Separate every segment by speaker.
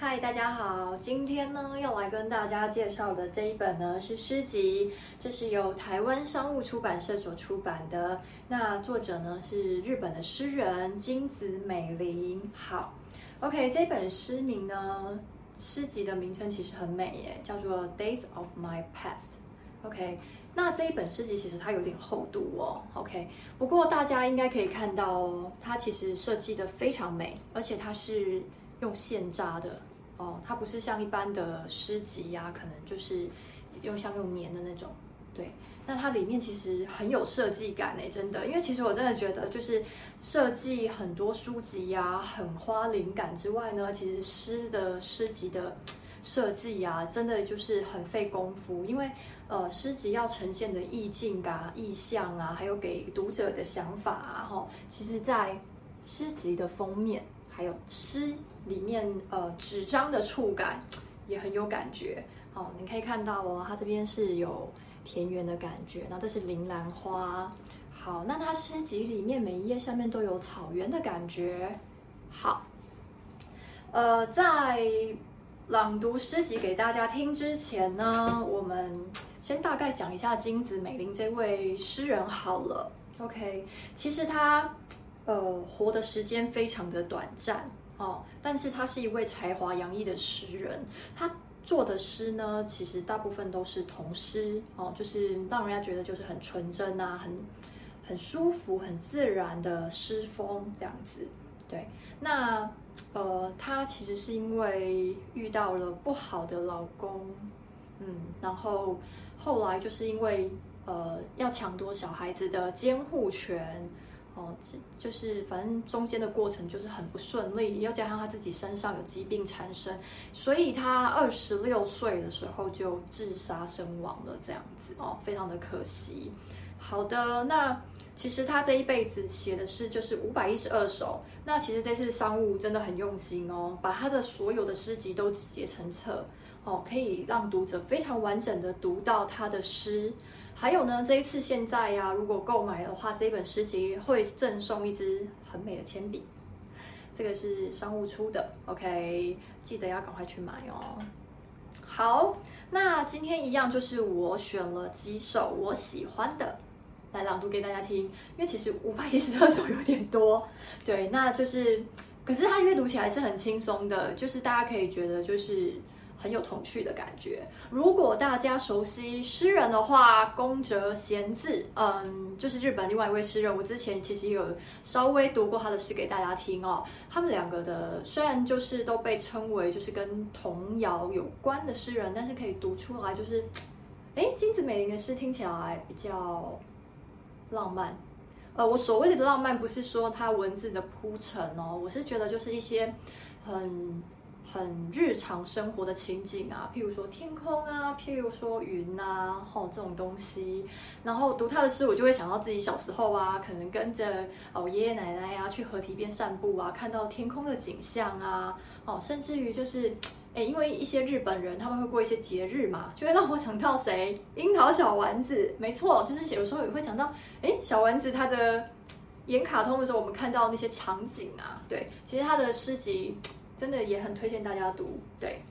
Speaker 1: 嗨，Hi, 大家好，今天呢要來跟大家介紹的這一本呢是詩集，這是由台灣商務出版社所出版的。那作者呢是日本的詩人金子美鈴。好，OK，這一本詩名呢，詩集的名稱其實很美耶，叫做 Days of My Past。OK，那這一本詩集其實它有點厚度哦。OK，不過大家應該可以看到哦，它其實設計得非常美，而且它是用線裝的。哦，它不是像一般的詩集呀、啊，可能就是又像又黏的那種。對，那它裡面其實很有設計感哎、欸，真的。因為其實我真的覺得，就是設計很多書籍呀、啊，很花靈感之外呢，其實詩的詩集的設計呀，真的就是很費功夫。因為呃，詩集要呈現的意境啊、意象啊，還有給讀者的想法啊，哈，其實，在詩集的封面。還有詩裡面，呃，紙張的觸感也很有感覺。哦，你可以看到哦，它這邊是有田園的感覺。那這是鈴蘭花。好，那它詩集裡面每一頁下面都有草原的感覺。好，呃，在朗讀詩集給大家聽之前呢，我們先大概講一下金子美鈴這位詩人好了。OK，其實他。呃，活的時間非常的短暫哦，但是他是一位才華洋溢的詩人，他做的詩呢，其實大部分都是童詩哦，就是讓人家覺得就是很純真啊，很很舒服、很自然的詩風，這樣子。對，那呃，他其實是因為遇到了不好的老公，嗯，然後後來就是因為呃，要搶奪小孩子的監護權。哦，就是反正中間的過程就是很不順利，要加上他自己身上有疾病纏身，所以他二十六歲的時候就自殺身亡了，這樣子哦，非常的可惜。好的，那其實他這一輩子寫的詩就是五百一十二首，那其實這次商務真的很用心哦，把他的所有的詩集都集結成冊哦，可以讓讀者非常完整的讀到他的詩。還有呢，這一次現在呀，如果購買的話，這一本詩集會贈送一支很美的鉛筆。這個是商務出的，OK，記得要趕快去買哦。好，那今天一樣就是我選了幾首我喜歡的來朗讀給大家聽，因為其實五百一十二首有點多，對，那就是，可是它閱讀起來是很輕鬆的，就是大家可以覺得就是。很有童趣的感覺。如果大家熟悉詩人的話，宮澤賢治，嗯，就是日本另外一位詩人，我之前其實也有稍微讀過他的詩給大家聽哦。他們兩個的雖然就是都被稱為就是跟童謠有關的詩人，但是可以讀出來，就是，哎、欸，金子美鈴的詩聽起來比較浪漫。呃、嗯，我所謂的浪漫不是說他文字的鋪陳哦，我是覺得就是一些很。很日常生活的情景啊，譬如說天空啊，譬如說雲啊，哦，這種東西。然後讀他的詩，我就會想到自己小時候啊，可能跟着哦爺爺奶奶呀、啊、去河堤邊散步啊，看到天空的景象啊，哦甚至於就是，哎、欸，因為一些日本人他們會過一些節日嘛，就會讓我想到誰？櫻桃小丸子，沒錯，就是有時候也會想到，哎、欸，小丸子他的演卡通的時候，我們看到那些場景啊，對，其實他的詩集。真的也很推薦大家讀，對，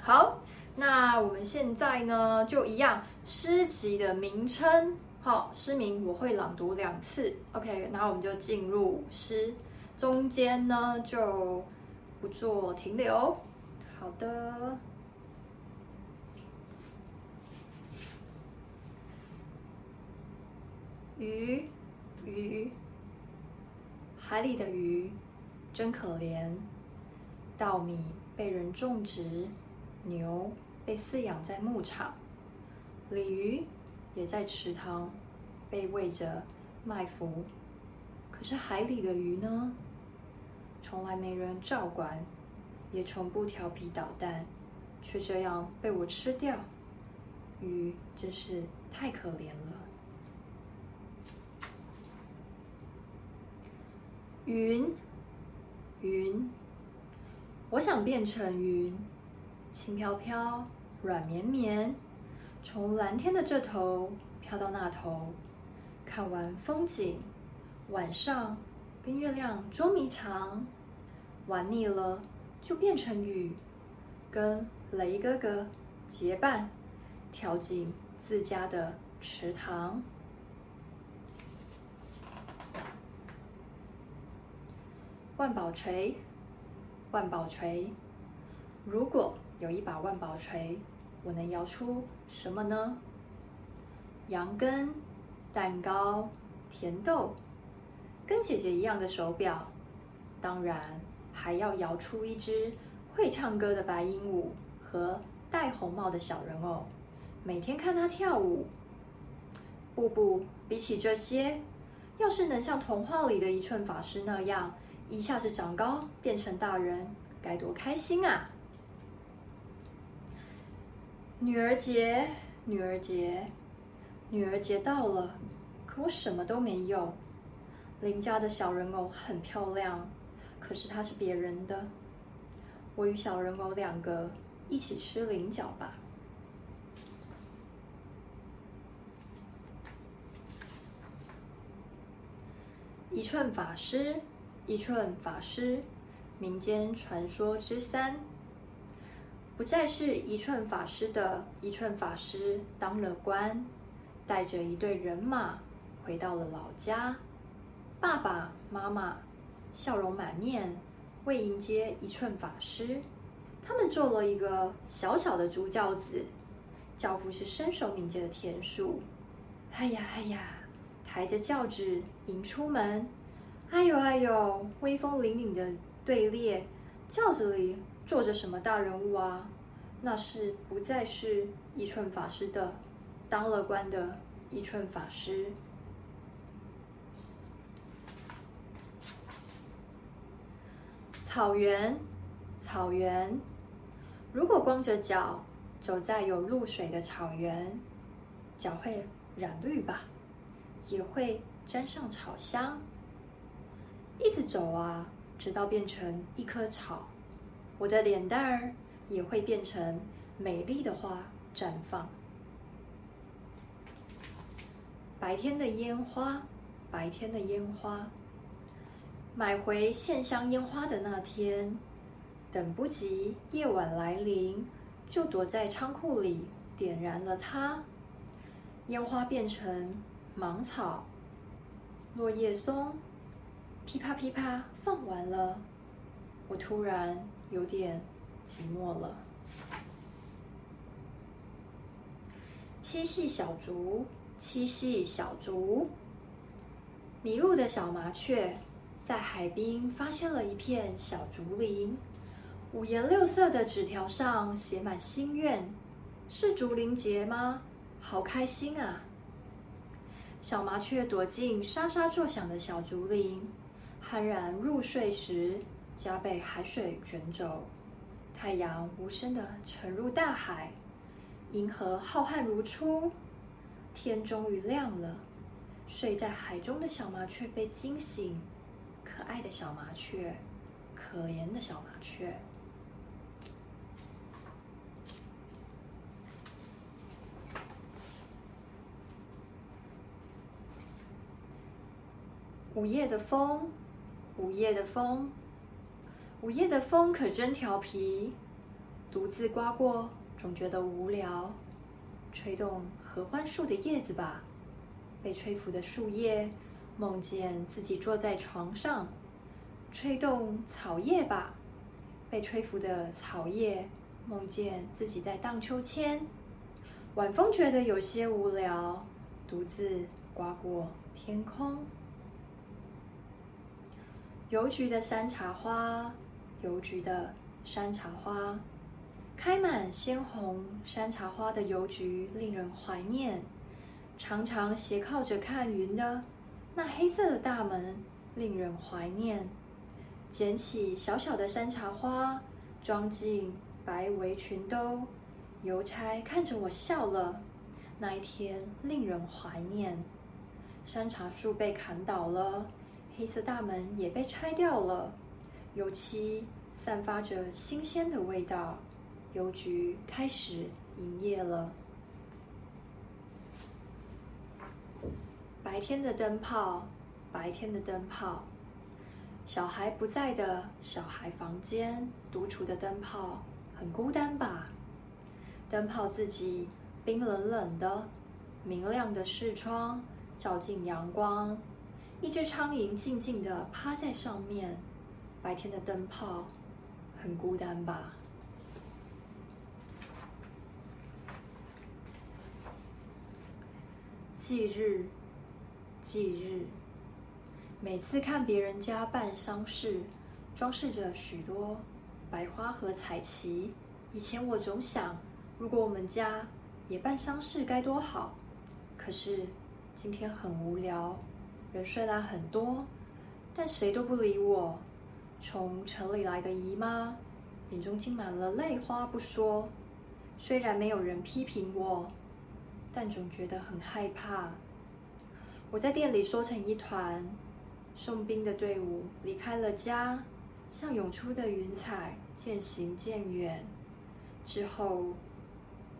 Speaker 1: 好，那我們現在呢就一樣，詩集的名稱。好、哦，詩名我會朗讀兩次，OK，然後我們就進入詩，中間呢就不做停留，好的。魚，魚，海裡的魚，真可憐。稻米被人種植，牛被飼養在牧場，鯉魚也在池塘被餵着麥麩。可是海裡的魚呢？從來沒人照管，也從不調皮搗蛋，卻這樣被我吃掉。魚真是太可憐了。雲，雲。我想變成雲，輕飄飄、軟綿綿，從藍天的這頭飄到那頭，看完風景，晚上跟月亮捉迷藏。玩膩了就變成雨，跟雷哥哥結伴，跳進自家的池塘。萬寶錘。萬寶錘，如果有一把萬寶錘，我能搖出什麼呢？羊羹、蛋糕、甜豆，跟姐姐一樣的手錶，當然還要搖出一隻會唱歌的白鸚鵡和戴紅帽的小人偶，每天看它跳舞。不不，比起這些，要是能像童話裡的一寸法師那樣，一下子長高，變成大人，該多開心啊！女兒節，女兒節，女兒節到了，可我什麼都沒有。鄰家的小人偶很漂亮，可是它是別人的。我與小人偶兩個一起吃菱角吧。一寸法師。一寸法師，民間傳說之三，不再是一寸法師的一寸法師當了官，帶着一隊人馬回到了老家。爸爸媽媽笑容滿面，為迎接一寸法師，他們做了一個小小的竹轎子，轎夫是身手敏捷的田鼠，嗨呀嗨呀，抬着轎子迎出門。哎呦哎呦！威風凜凜的隊列，轎子裡坐着什麼大人物啊？那是不再是一寸法師的，當了官的一寸法師。草原，草原，如果光着腳走在有露水的草原，腳會染綠吧，也會沾上草香。一直走啊，直到變成一棵草，我的臉蛋兒也會變成美麗的花綻放。白天的煙花，白天的煙花。買回線香煙花的那天，等不及夜晚來臨，就躲在倉庫裡點燃了它。煙花變成芒草、落葉松。噼啪噼啪，啪，放完了，我突然有點寂寞了。七夕小竹，七夕小竹，迷路的小麻雀在海邊發現了一片小竹林，五顏六色的紙條上寫滿心願，是竹林節嗎？好開心啊！小麻雀躲進沙沙作響的小竹林。酣然入睡時，家被海水卷走；太陽無聲的沉入大海，銀河浩瀚如初。天終於亮了，睡在海中的小麻雀被驚醒。可愛的小麻雀，可憐的小麻雀。午夜的風。午夜的風，午夜的風可真調皮，獨自颳過總覺得無聊。吹動合歡樹的葉子吧，被吹拂的樹葉夢見自己坐在床上；吹動草葉吧，被吹拂的草葉夢見自己在荡秋千。晚風覺得有些無聊，獨自颳過天空。郵局的山茶花，郵局的山茶花，開滿鮮紅山茶花的郵局令人懷念。常常斜靠着看雲的那黑色的大門令人懷念。撿起小小的山茶花，裝進白圍裙兜，郵差看着我笑了。那一天令人懷念。山茶樹被砍倒了。黑色大門也被拆掉了，油漆散發着新鮮的味道。郵局開始營業了。白天的燈泡，白天的燈泡，小孩不在的小孩房間，獨處的燈泡很孤單吧？燈泡自己冰冷冷的，明亮的視窗照進陽光。一隻蒼蠅靜靜地趴在上面。白天的燈泡很孤單吧？忌日，忌日。每次看別人家辦喪事，裝飾着許多白花和彩旗。以前我總想，如果我們家也辦喪事該多好。可是今天很無聊。人雖然很多，但誰都不理我。從城裡來的姨媽眼中浸滿了淚花，不說。雖然沒有人批評我，但總覺得很害怕。我在店裡縮成一團。送殯的隊伍離開了家，像湧出的雲彩，漸行漸遠。之後，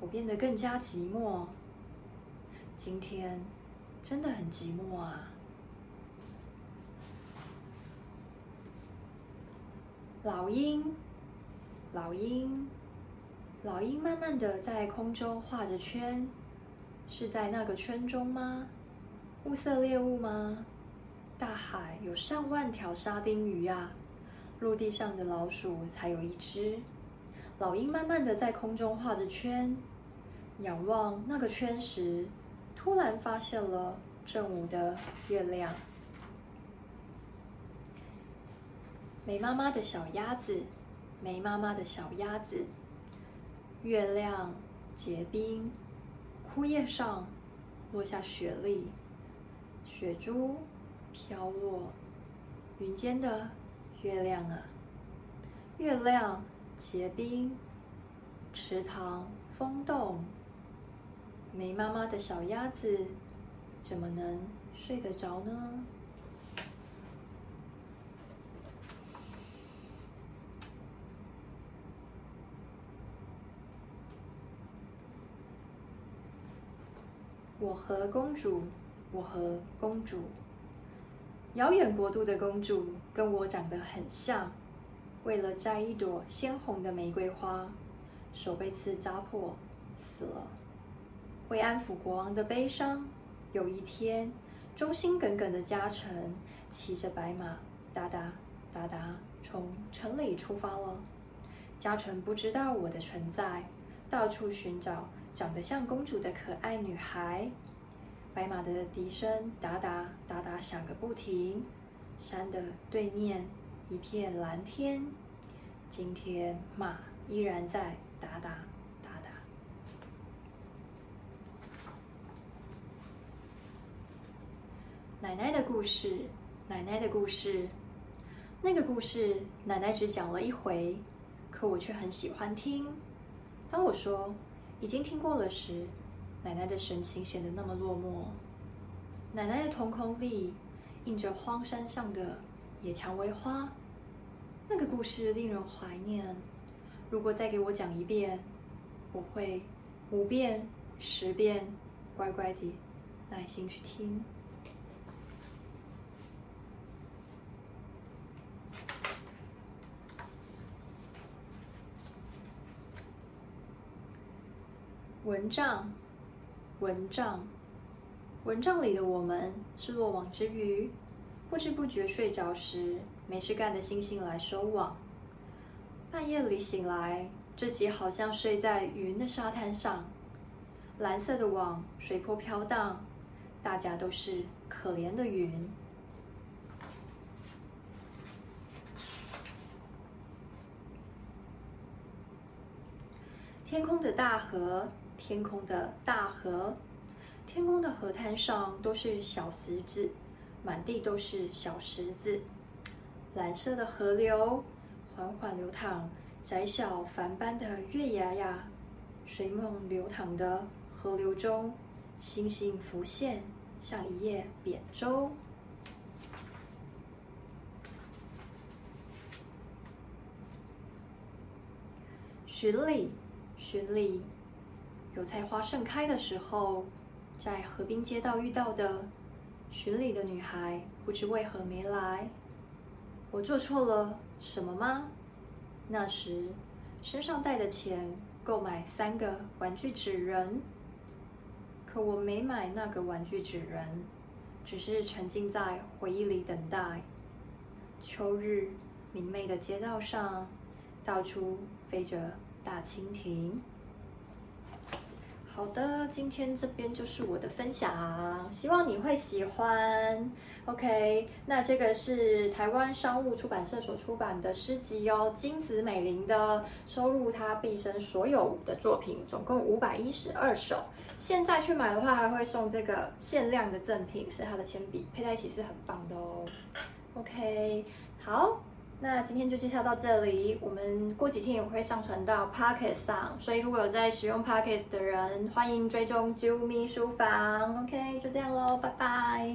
Speaker 1: 我變得更加寂寞。今天真的很寂寞啊。老鷹，老鷹，老鷹慢慢的在空中畫着圈，是在那個圈中嗎？物色獵物嗎？大海有上萬條沙丁魚啊，陸地上的老鼠才有一隻。老鷹慢慢的在空中畫着圈，仰望那個圈時，突然發現了正午的月亮。沒媽媽的小鴨子，沒媽媽的小鴨子。月亮結冰，枯葉上落下雪粒，雪珠飄落，雲間的月亮啊。月亮結冰，池塘封凍，沒媽媽的小鴨子怎麼能睡得着呢？我和公主，我和公主，遙遠國度的公主跟我長得很像。為了摘一朵鮮紅的玫瑰花，手被刺扎破，死了。為安撫國王的悲傷，有一天，忠心耿耿的家臣騎着白馬，噠噠噠噠，從城裡出發了。家臣不知道我的存在，到處尋找。長得像公主的可愛女孩，白馬的笛聲噠噠噠噠響個不停。山的對面一片藍天。今天馬依然在噠噠噠噠。奶奶的故事，奶奶的故事，那個故事奶奶只講了一回，可我卻很喜歡聽。當我說。已經聽過了時，奶奶的神情顯得那麼落寞。奶奶的瞳孔裡映着荒山上的野薔薇花。那個故事令人懷念。如果再給我講一遍，我會五遍、十遍，乖乖地耐心去聽。蚊帳，蚊帳，蚊帳裡的我們是落網之魚，不知不覺睡着時，沒事幹的星星來收網。半夜裡醒來，自己好像睡在雲的沙灘上，藍色的網水波飄盪，大家都是可憐的雲。天空的大河。天空的大河，天空的河灘上都是小石子，滿地都是小石子。藍色的河流緩緩流淌，窄小帆般的月牙呀，水夢流淌的河流中，星星浮現，像一葉扁舟。巡禮，巡禮。油菜花盛開的時候，在河濱街道遇到的巡禮的女孩，不知為何沒來。我做錯了什麼嗎？那時身上帶的錢夠買三個玩具紙人，可我沒買那個玩具紙人，只是沉浸在回憶裡等待。秋日明媚的街道上，到處飛着大蜻蜓。好的，今天這邊就是我的分享，希望你會喜歡。OK，那這個是台灣商務出版社所出版的詩集哦，金子美鈴的，收入，他畢生所有的作品，總共五百一十二首。現在去買的話，還會送這個限量的贈品，是他的鉛筆，配在一起是很棒的哦。OK，好。那今天就介紹到這裡，我們過幾天也會上傳到 Pocket 上，所以如果有在使用 Pocket 的人，歡迎追蹤啾咪書房。OK，就這樣嘍，拜拜。